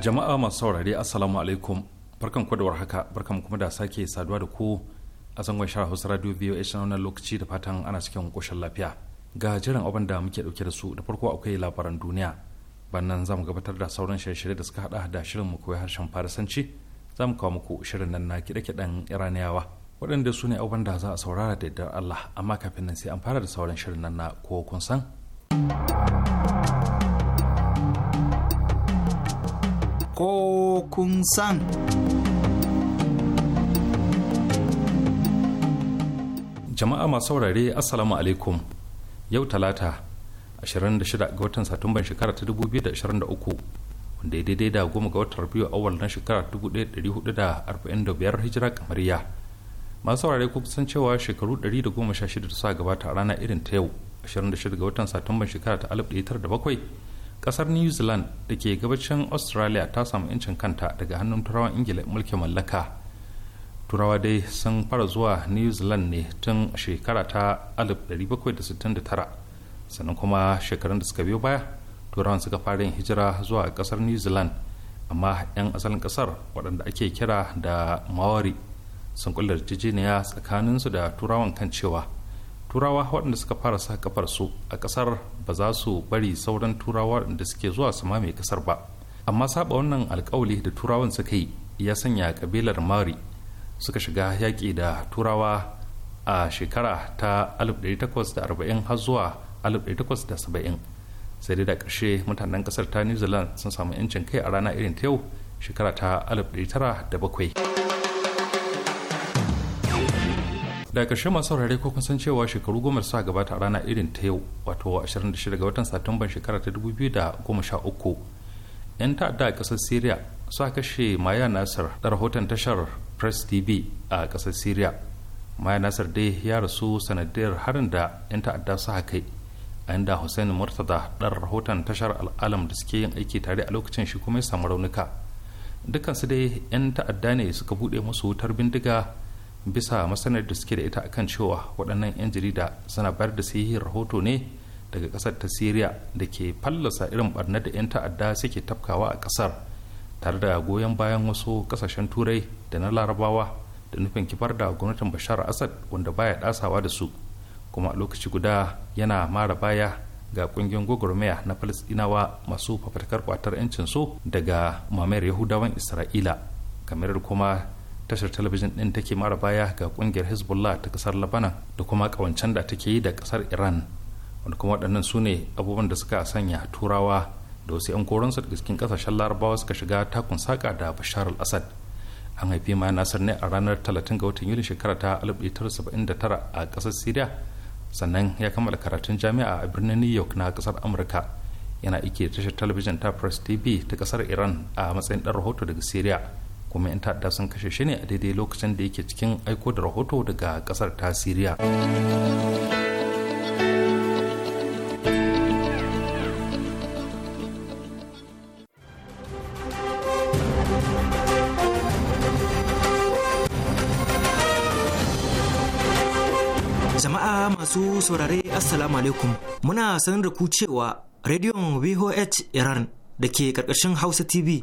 jama'a masu saurare assalamu alaikum barkan ku da warhaka barkan kuma da sake saduwa da ku a zangon shara hausa radio voa na lokaci da fatan ana cikin koshin lafiya ga jiran abin da muke dauke da su da farko akwai labaran duniya bannan zamu gabatar da sauran shirye-shirye da suka hada da shirin mu koyi harshen farasanci zamu kawo muku shirin nan na kiɗe-kiɗen iraniyawa waɗanda su ne abin da za a saurara da yardar allah amma kafin nan sai an fara da sauran shirin nan na ko kun san ko kun san. Jama'a masu saurare Assalamu alaikum yau talata 26 ga watan Satumban shekara ta 2023 wanda ya daidai da goma ga watan biyu awal na shekara 1445 hijira kamariya. Masu saurare ku san cewa shekaru 116 da suka gabata a rana irin ta yau 26 ga watan Satumban shekara ta 1907 kasar new zealand da ke gabacin australia ta samu 'yancin kanta daga hannun turawan ingila mulkin mallaka turawa dai sun fara zuwa new zealand ne tun shekara ta 1769 sannan kuma shekarun da suka biyo baya turawan suka fara yin hijira zuwa kasar new zealand amma 'yan asalin kasar waɗanda ake kira da maori sun kullar jijiniya tsakaninsu da turawan kan cewa turawa waɗanda suka fara sa kafar su a ƙasar ba za su bari sauran turawa da suke zuwa su mame ƙasar ba amma saba wannan alkawali da turawan suka yi ya sanya kabilar mari suka shiga yaƙi da turawa a shekara ta 1840 har zuwa 1870 sai dai da ƙarshe mutanen ƙasar ta new zealand sun samu 'yancin kai a rana irin ta yau shekara ta 1907 da ƙarshe masu saurare ko kun san cewa shekaru goma sa gabata a rana irin ta yau wato 26 ga watan satumban shekara ta 2013 'yan ta'adda a ƙasar syria su kashe maya nasar da rahoton tashar press tv a ƙasar syria maya nasar dai ya rasu sanadiyar harin da 'yan ta'adda su kai a inda hussein murtada ɗan rahoton tashar al'alam da suke yin aiki tare a lokacin shi kuma ya samu raunuka dukansu dai 'yan ta'adda ne suka buɗe musu wutar bindiga bisa masanar da suke da ita akan cewa waɗannan 'yan jarida suna bayar da siyayyar rahoto ne daga ƙasar ta siriya da ke fallasa irin barnar da 'yan ta'adda suke tafkawa a ƙasar tare da goyon bayan wasu ƙasashen turai da na larabawa da nufin kifar da gwamnatin bashar asad wanda baya ɗasawa da su kuma a lokaci guda yana mara baya ga ƙungiyar gwagwarmaya na falastinawa masu fafatakar kwatar 'yancin su daga mamayar yahudawan isra'ila kamar kuma tashar talabijin ɗin take mara baya ga kungiyar hezbollah ta kasar labanan da kuma ƙawancen da take yi da kasar iran wanda kuma waɗannan su ne abubuwan da suka sanya turawa da wasu 'yan koransu daga cikin ƙasashen larabawa suka shiga takun saka da bashar al-assad an haifi ma nasar ne a ranar talatin ga watan yuli shekara ta tara a ƙasar syria sannan ya kammala karatun jami'a a birnin new york na kasar amurka yana ike tashar talabijin ta press tv ta kasar iran a matsayin ɗan rahoto daga syria kuma 'yan ta'adda sun kashe shi ne a daidai lokacin da yake cikin aiko da rahoto daga kasar ta siriya jama'a masu saurare assalamu alaikum muna sanar da ku cewa rediyon vhh iran da ke karkashin hausa tv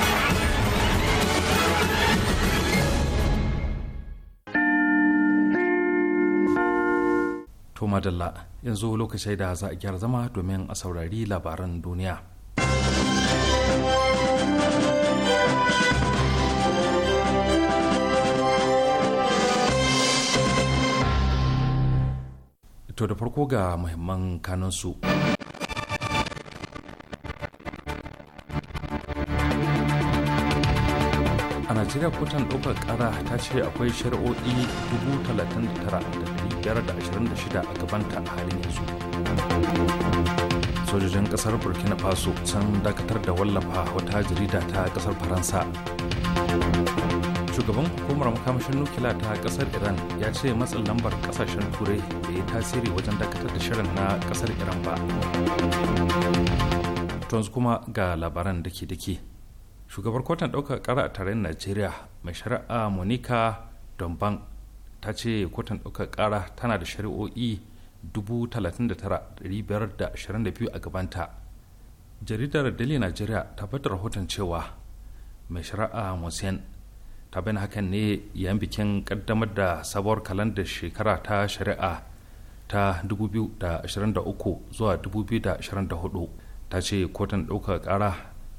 To madalla yanzu lokacin da za a gyara zama domin a saurari labaran duniya. To da farko ga muhimman kanansu. najeriya kwatan ɗaukar ƙara ta ce akwai shari'o'i 39,526 a gabanta a halin yanzu sojojin ƙasar burkina faso sun dakatar da wallafa wata jarida ta ƙasar faransa shugaban hukumar makamashin nukila ta ƙasar iran ya ce matsin lambar ƙasashen turai da ya tasiri wajen dakatar da shirin na ƙasar iran ba tons kuma ga labaran dake-dake shugabar kotun ɗaukar ƙara a tarayyar najeriya mai shari'a monica domban ta ce kotun ɗaukar ƙara tana da shari'o'i 39,522 a gabanta jaridar daily najeriya ta bada rahoton cewa mai shari'a musin ta bayyana hakan ne yan bikin kaddamar da sabuwar kalandar shekara ta shari'a ta 2023 zuwa 2024 ta ce kotun ɗaukar ƙara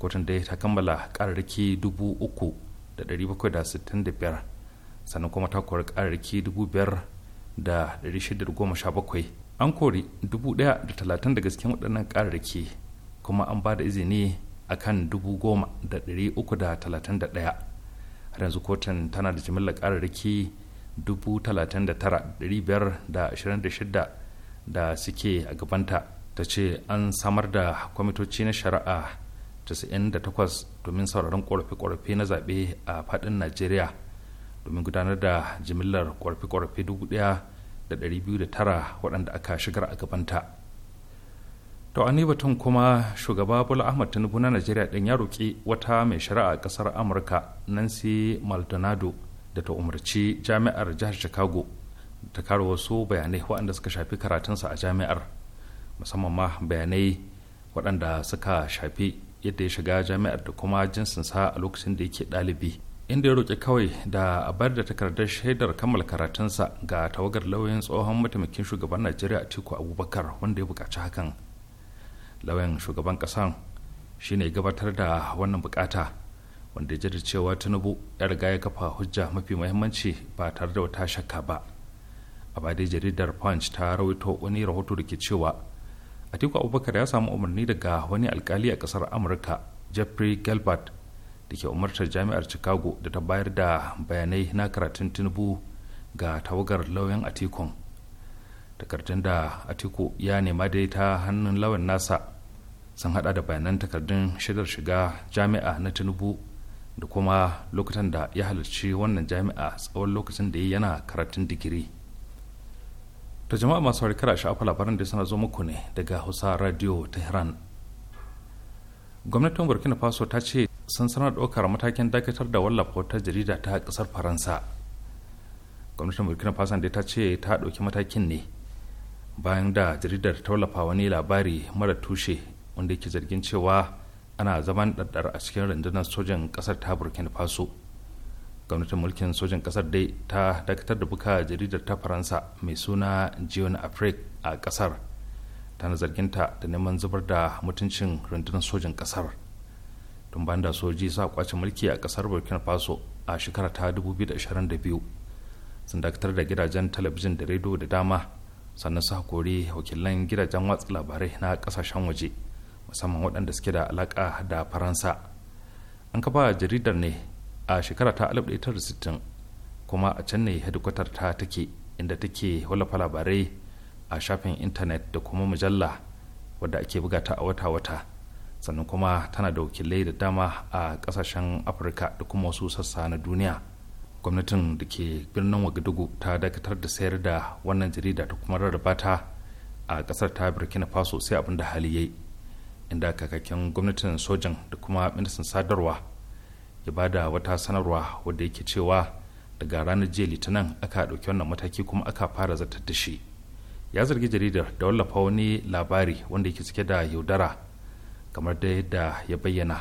kotun dai ta kammala kararraki 3,765 sannan kuma ta kori kararraki 5,617 an kori 1,030 daga cikin waɗannan kararraki kuma an ba da izini a kan 10,331 har yanzu kotun tana da jimillar kararraki 39,526 da suke a gabanta ta ce an samar da kwamitoci na shari'a 98 domin sauraron ƙorafe-ƙorafe na zaɓe a faɗin najeriya domin gudanar da jimillar ƙorafe-ƙorafe 1,209 waɗanda aka shigar a gabanta to a batun kuma shugaba bola ahmad tinubu na najeriya ɗin ya roƙi wata mai shari'a ƙasar amurka nancy maldonado da ta umarci jami'ar jihar chicago ta kare wasu bayanai waɗanda suka shafi karatunsa a jami'ar musamman ma bayanai waɗanda suka shafi yadda ya shiga jami'ar da kuma jinsin sa a lokacin da yake ɗalibi inda ya roƙi kawai da a bar da takardar shaidar kammala karatunsa ga tawagar lauyan tsohon mataimakin shugaban najeriya atiku abubakar wanda ya buƙaci hakan lauyan shugaban ƙasan shine gabatar da wannan buƙata wanda ya cewa tinubu ya riga ya kafa hujja mafi muhimmanci ba tare da wata shakka ba a jaridar punch ta rawaito wani rahoto da ke cewa atiku abubakar ya samu umarni daga wani alkali a kasar amurka jeffrey gelbart da ke umartar jami'ar chicago da ta bayar da bayanai na karatun tinubu ga tawagar lauyan atikun takardun da atiku ya nema dai ta hannun lauyan nasa sun hada da bayanan takardun shaidar shiga jami'a na tinubu da kuma lokutan da ya halarci wannan jami'a tsawon lokacin da yana karatun digiri. ta jama'a masu harkar shafa labaran da sana zo muku ne daga hausa radio tehran gwamnatin burkina faso ta ce sun sanar ɗaukar matakin dakatar da wallafa wata jarida ta kasar faransa gwamnatin burkina faso da ta ce ta dauki matakin ne bayan da jaridar ta wallafa wani labari mara tushe wanda yake zargin cewa ana zaman ɗaɗɗar a cikin rundunar sojan kasar ta burkina faso gwamnatin mulkin sojan kasar dai ta dakatar da buka jaridar ta faransa mai suna jiyon afrik a kasar ta zarginta da neman zubar da mutuncin rundunar sojan kasar tun bayan da soji sa kwace mulki a kasar burkina faso a shekara ta 2022 sun dakatar da gidajen talabijin da rediyo da dama sannan sa kori wakilan gidajen watsa labarai na kasashen waje musamman waɗanda suke da alaƙa da faransa an kafa jaridar ne a shekara ta 1960 kuma a can ne hedikwatar ta take inda take wallafa labarai a shafin intanet da kuma mujalla wadda ake buga ta a wata-wata sannan kuma tana da wakilai da dama a kasashen afirka da kuma wasu sassa na duniya gwamnatin da ke birnin wagadugu ta dakatar da sayar da wannan jarida ta kuma rarraba ta a kasar ta burkina faso sai abin da hali yayi inda kakakin gwamnatin sojan da kuma ministan sadarwa ya ba da wata sanarwa wadda yake cewa daga ranar jiya litinin aka ɗauki wannan mataki kuma aka fara zartar da shi ya zargi jaridar da wallafa wani labari wanda yake cike da yaudara kamar da yadda ya bayyana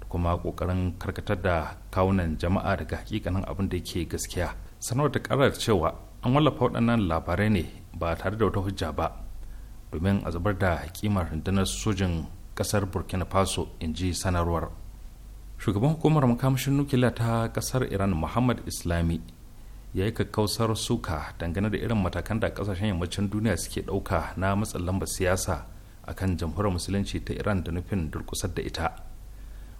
da kuma ƙoƙarin karkatar da kawunan jama'a daga hakikanin abin da yake gaskiya sanarwar ta ƙara cewa an wallafa waɗannan labarai ne ba tare da wata hujja ba domin a zubar da kimar rundunar sojin ƙasar burkina faso in ji sanarwar shugaban hukumar makamashin nukiliya ta kasar iran muhammad islami ya yi kakkausar suka dangane da irin matakan da kasashen yammacin duniya suke ɗauka na matsin lambar siyasa kan jamhuriyar musulunci ta iran da nufin durkusar da ita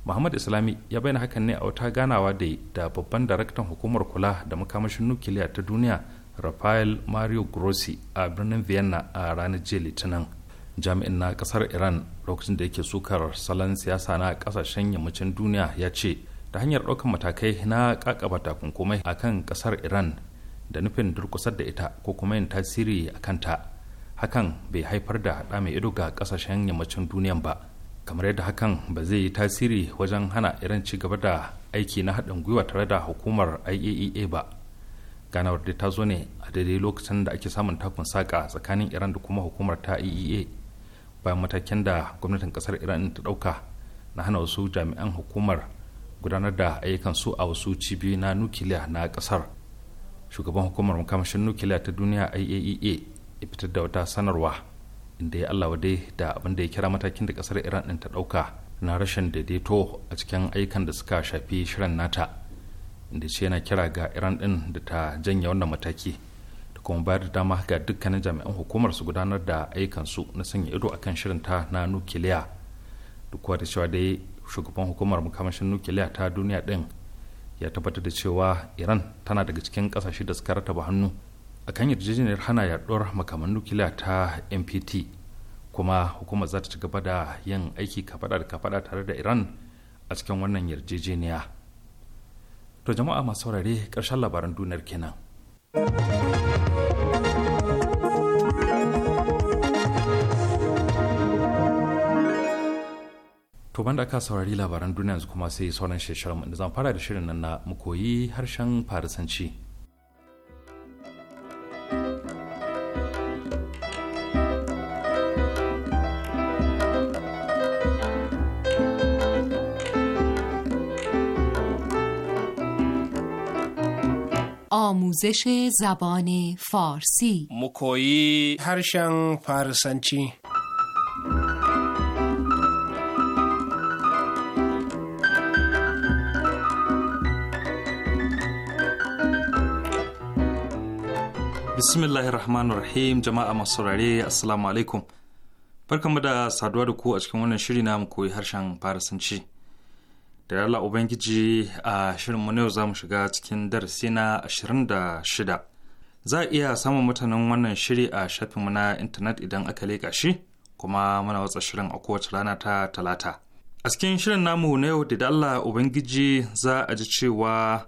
muhammad islami ya bayyana hakan ne a wata ganawa da da babban daraktan hukumar kula da makamashin nukiliya ta duniya rafael mario grossi a birnin vienna a ranar jiya litinin jami'in na kasar iran lokacin da yake sukar salon siyasa na kasashen yammacin duniya ya ce ta hanyar ɗaukar matakai na kakaba takunkumai a kan kasar iran da nufin durkusar da ita ko kuma yin tasiri a kanta hakan bai haifar da haɗa mai ido ga kasashen yammacin duniya ba kamar yadda hakan ba zai yi tasiri wajen hana iran ci gaba da aiki na haɗin gwiwa tare da hukumar iaea e ba ganawar da ta zo ne a daidai lokacin da ake samun takun saƙa tsakanin iran da kuma hukumar ta iaea e bayan matakin da gwamnatin kasar iran ta dauka na hana wasu jami'an hukumar gudanar da ayyukan su a wasu cibiyoyi na nukiliya na kasar shugaban hukumar makamashin nukiliya ta duniya iaea e ya fitar da wata sanarwa inda ya allawa dai da abin da ya kira matakin da kasar iran din ta ɗauka na rashin daidaito a cikin ayyukan da suka shafi shirin nata inda ce yana kira ga iran ɗin da ta janye wannan mataki kuma bayar da dama ga dukkanin jami'an hukumar su gudanar da su na sanya ido akan shirin ta na nukiliya duk da cewa dai shugaban hukumar makamashin nukiliya ta duniya din ya tabbatar da cewa iran tana daga cikin kasashe da suka rataba hannu a kan yarjejeniyar hana yaduwar makaman nukiliya ta mpt kuma hukumar za ta ci gaba da yin aiki kafada da kafada tare da iran a cikin wannan yarjejeniya to jama'a masu saurare ƙarshen labaran duniyar kenan To da aka saurari labaran duniya kuma sai sauran shirin da zan fara da shirin nan na mukoyi harshen farisanci. آموزش زبان فارسی مکویی harshen فارسنچی bismillahir rahmanir rahim jama'a masu saurare assalamu alaikum barkanmu da saduwa da ku a cikin wannan shiri na mu koyi harshen farasanci da yalla ubangiji a shirinmu na yau za mu shiga cikin darasi na 26 za a iya samun mutanen wannan shiri a shafinmu na intanet idan aka leƙa shi kuma muna watsa shirin a kowace rana ta talata a cikin shirin namu na yau da allah ubangiji za a ji cewa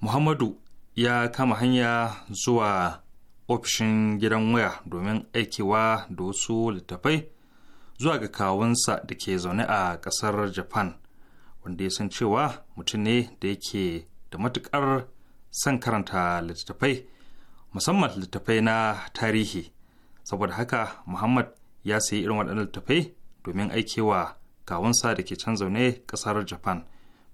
muhammadu ya kama hanya zuwa ofishin gidan waya domin aikewa da wasu littafai zuwa ga kawunsa da ke zaune a ƙasar japan wanda ya san cewa mutum ne da yake da matukar son karanta littattafai musamman littattafai na tarihi saboda haka muhammad ya sayi irin waɗannan littattafai domin aikewa kawunsa da ke can zaune ƙasar japan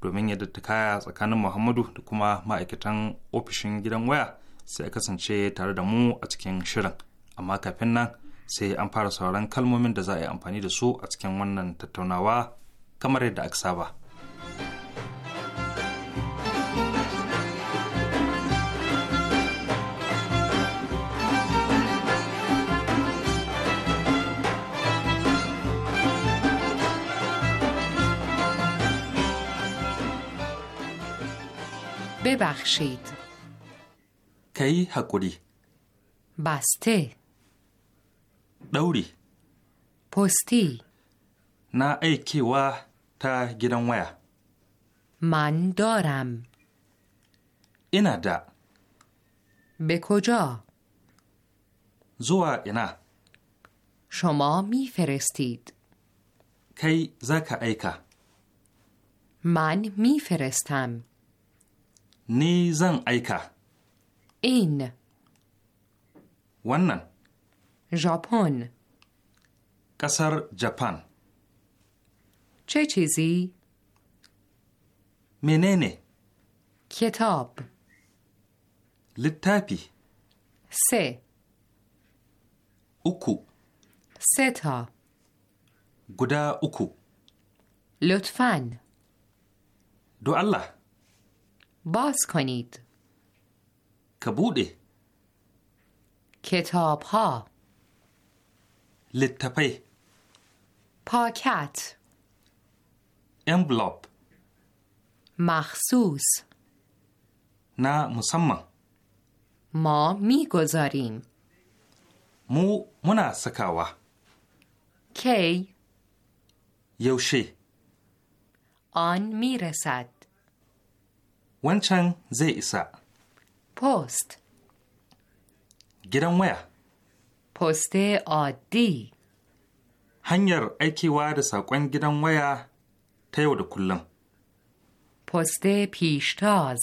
domin ya kaya tsakanin muhammadu da kuma ma'aikatan ofishin gidan waya sai ya kasance tare da mu a cikin shirin amma kafin nan sai an fara sauran kalmomin da za a yi amfani da su a cikin wannan tattaunawa kamar yadda aka saba. ببخشید کی حقوری بسته دوری پستی نه ایکی و تا گیرانویه من دارم اینا دا به کجا؟ زوا اینا شما می فرستید. کی زکا ایکا من فرستم. نی زن ایکا این ونن ژاپن قصر ژاپن چه چیزی؟ menene kitab littafi se uku seta guda uku lutfan do Allah bas ka buɗe kitab ha littafai pocket envelope مخصوص نه مسمم ما میگذاریم مو منا سکاوا کی یوشی آن میرسد ونچن زی ایسا پست گیرن ویا پست عادی hanyar aikewa da saƙon gidan waya ta yau da kullum. پست پیشتاز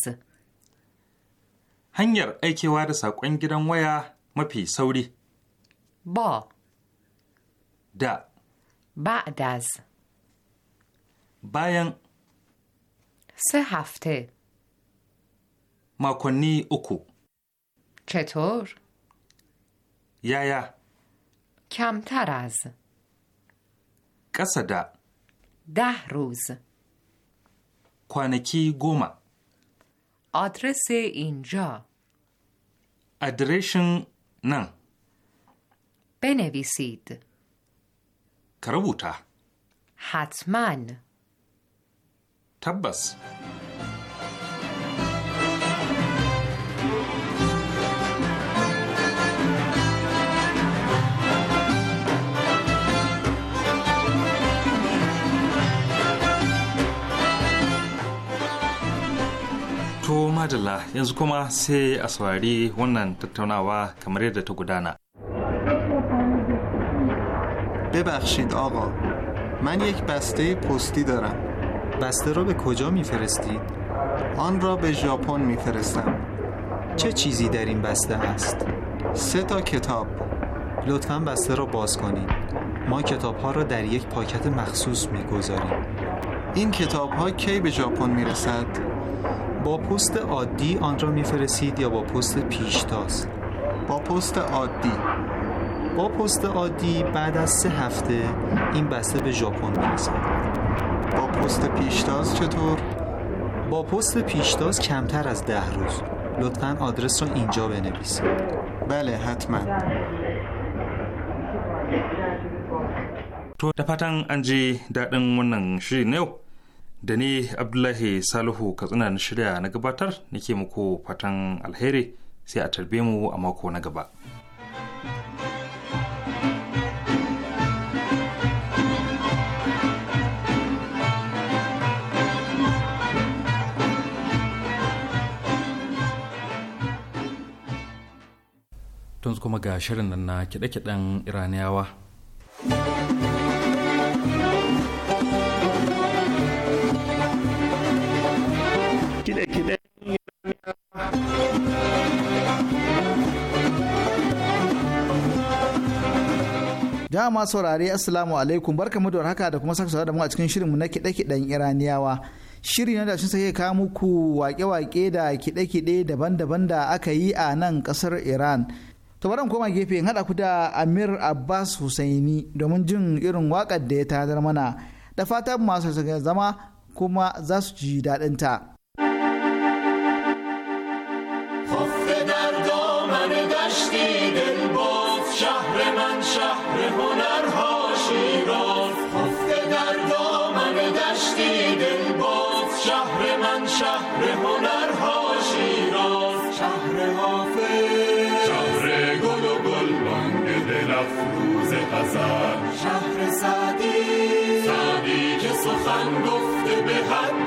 هنگر ایکی وار ساقوان گیرن ویا مپی سوری با دا بعد از باین سه هفته ما کنی اکو چطور؟ یا یا کمتر از قصد ده روز kwanaki goma. Adrese اینجا Adreshin nan. Benevisid. Ka rubuta. Hatman. Tabbas. To Madalla yanzu kuma sai a wannan tattaunawa kamar yadda ta gudana. ببخشید آقا من یک بسته پستی دارم بسته را به کجا میفرستید؟ آن را به ژاپن میفرستم چه چیزی در این بسته است؟ سه تا کتاب لطفا بسته را باز کنید ما کتاب ها را در یک پاکت مخصوص میگذاریم این کتاب ها کی به ژاپن میرسد؟ با پست عادی آن را میفرستید یا با پست پیشتاز با پست عادی با پست عادی بعد از سه هفته این بسته به ژاپن میرسد با پست پیشتاز چطور با پست پیشتاز کمتر از ده روز لطفا آدرس را اینجا بنویسید بله حتما تو da انجی an ji da ni abdullahi salihu katsina na shirya na gabatar nake muku fatan alheri sai a tarbe mu a mako na gaba. tun kuma ga shirin nan na kiɗe-kiɗen iraniyawa Jama'a saurare Assalamu alaikum barka da haka da kuma saka da mu a cikin shirinmu na kiɗe-kiɗen Iraniyawa. Shiri na da shi sake ka muku wake-wake da kiɗe-kiɗe daban-daban da aka yi a nan ƙasar Iran. To bari koma gefe in haɗa ku da Amir Abbas Husaini domin jin irin waƙar da ya tazar mana. Da fatan masu zama kuma za su ji daɗinta. ta. شهر سعدی سعدی که سخن گفته به حد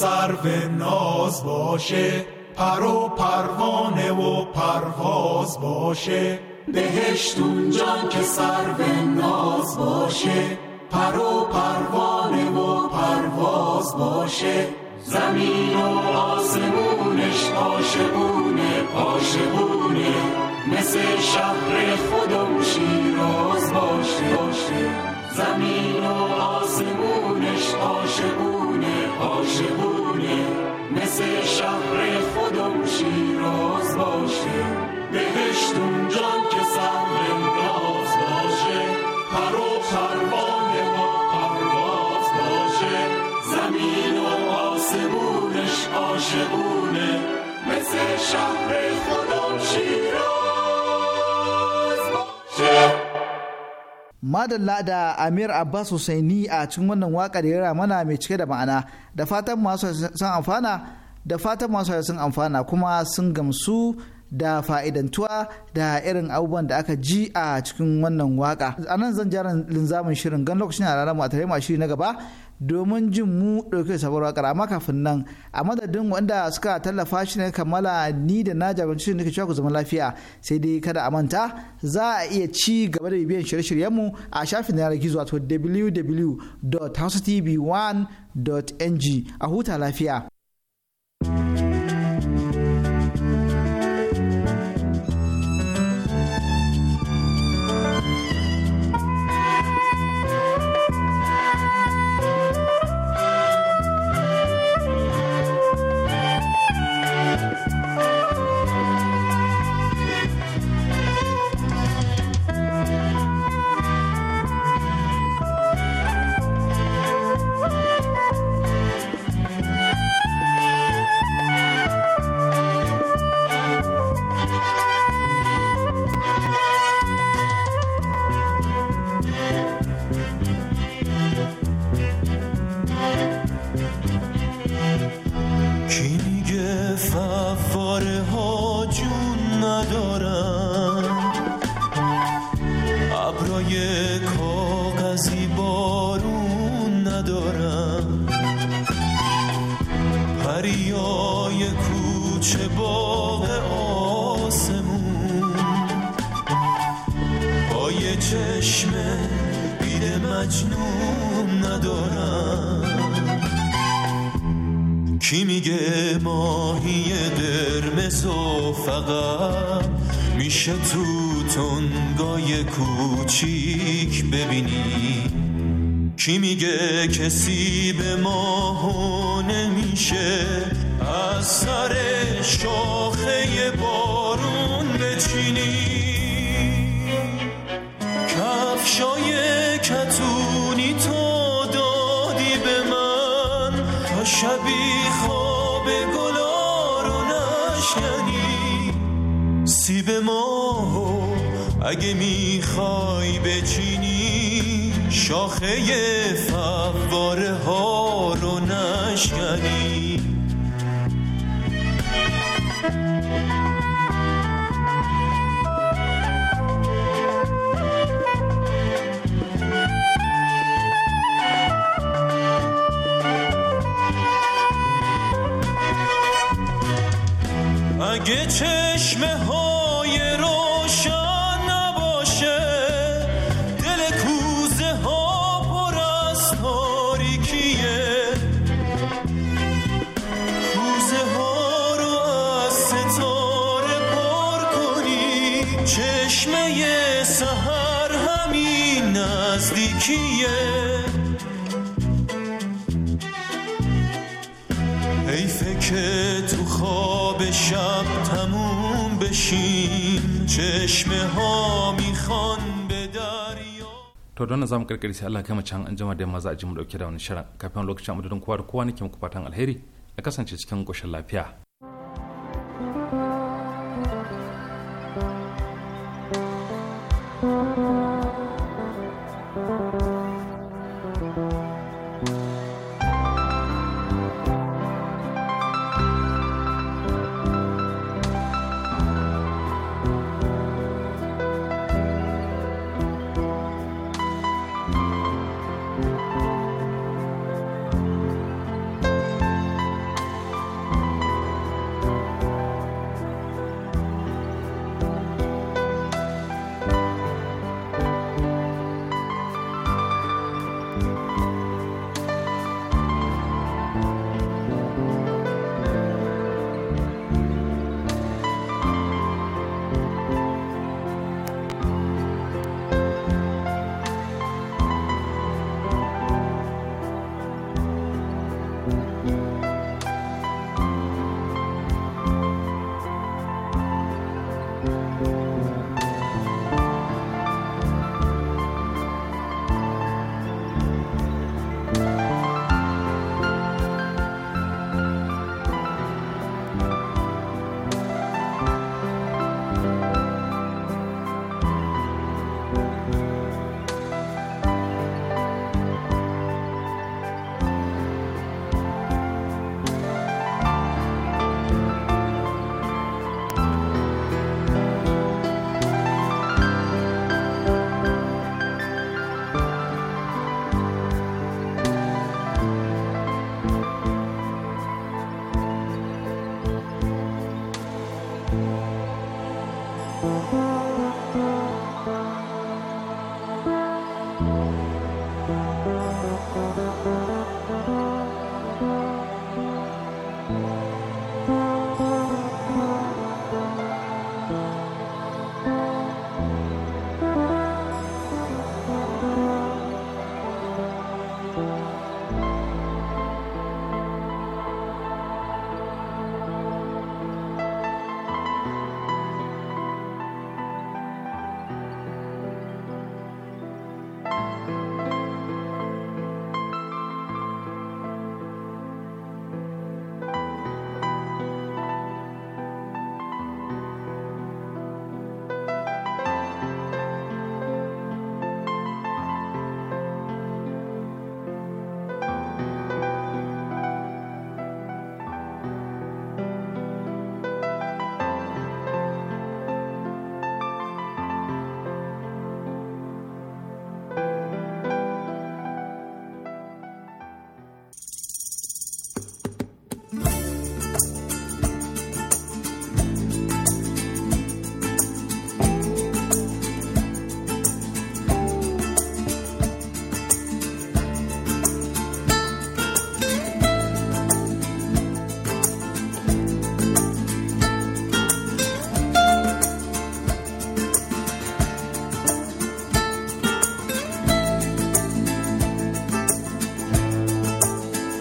سرو ناز باشه پر و پروانه و پرواز باشه بهشت اونجان که و ناز باشه پر و پروانه و پرواز باشه زمین و آسمونش آشبونه آشبونه مثل شهر خودم شیراز باشه باشه زمین و آسمونش آشبونه عاشقونه مثل شهر خودم شیراز باشه بهشت اونجان که سر ناز باشه پر و پروانه با پرواز باشه زمین و آسمونش عاشقونه مثل شهر خودم شیراز madalla da amir abbas husaini a cikin wannan waka da yara mana mai cike da ma'ana da fatan masu sun amfana da fatan masu sun amfana kuma sun gamsu da fa'idantuwa da irin abubuwan da aka ji a cikin wannan waka a nan zan jaran linzamin shirin gan lokacin a ranar mu a tare shiri na gaba domin jin mu ɗauke sabuwar waƙar amma kafin nan a madadin wanda suka tallafa shi ne kammala ni da na jagoranci nake cewa ku zama lafiya sai dai kada a manta za a iya ci gaba da bibiyan shirye mu a shafin na yanar gizo wato www.housetv1.ng a huta lafiya. که تو تنگای کوچیک ببینی کی میگه کسی به ما نمیشه از سر شاخه بارون بچینی کفشای کتونی تو دادی به من تا شبی خواب گلا رو نشنی سیب ما اگه میخوای بچینی شاخه فواره ها رو نشکنی اگه چشمه ها کیه ای فکر تو خواب شب تموم بشین چشمه ها میخوان به دریا to don za mu karkare sai Allah kama can an jama da yamma za a ji mu dauke da wani shirin kafin lokacin amadadin kowa da kowa nake muku fatan alheri a kasance cikin goshin lafiya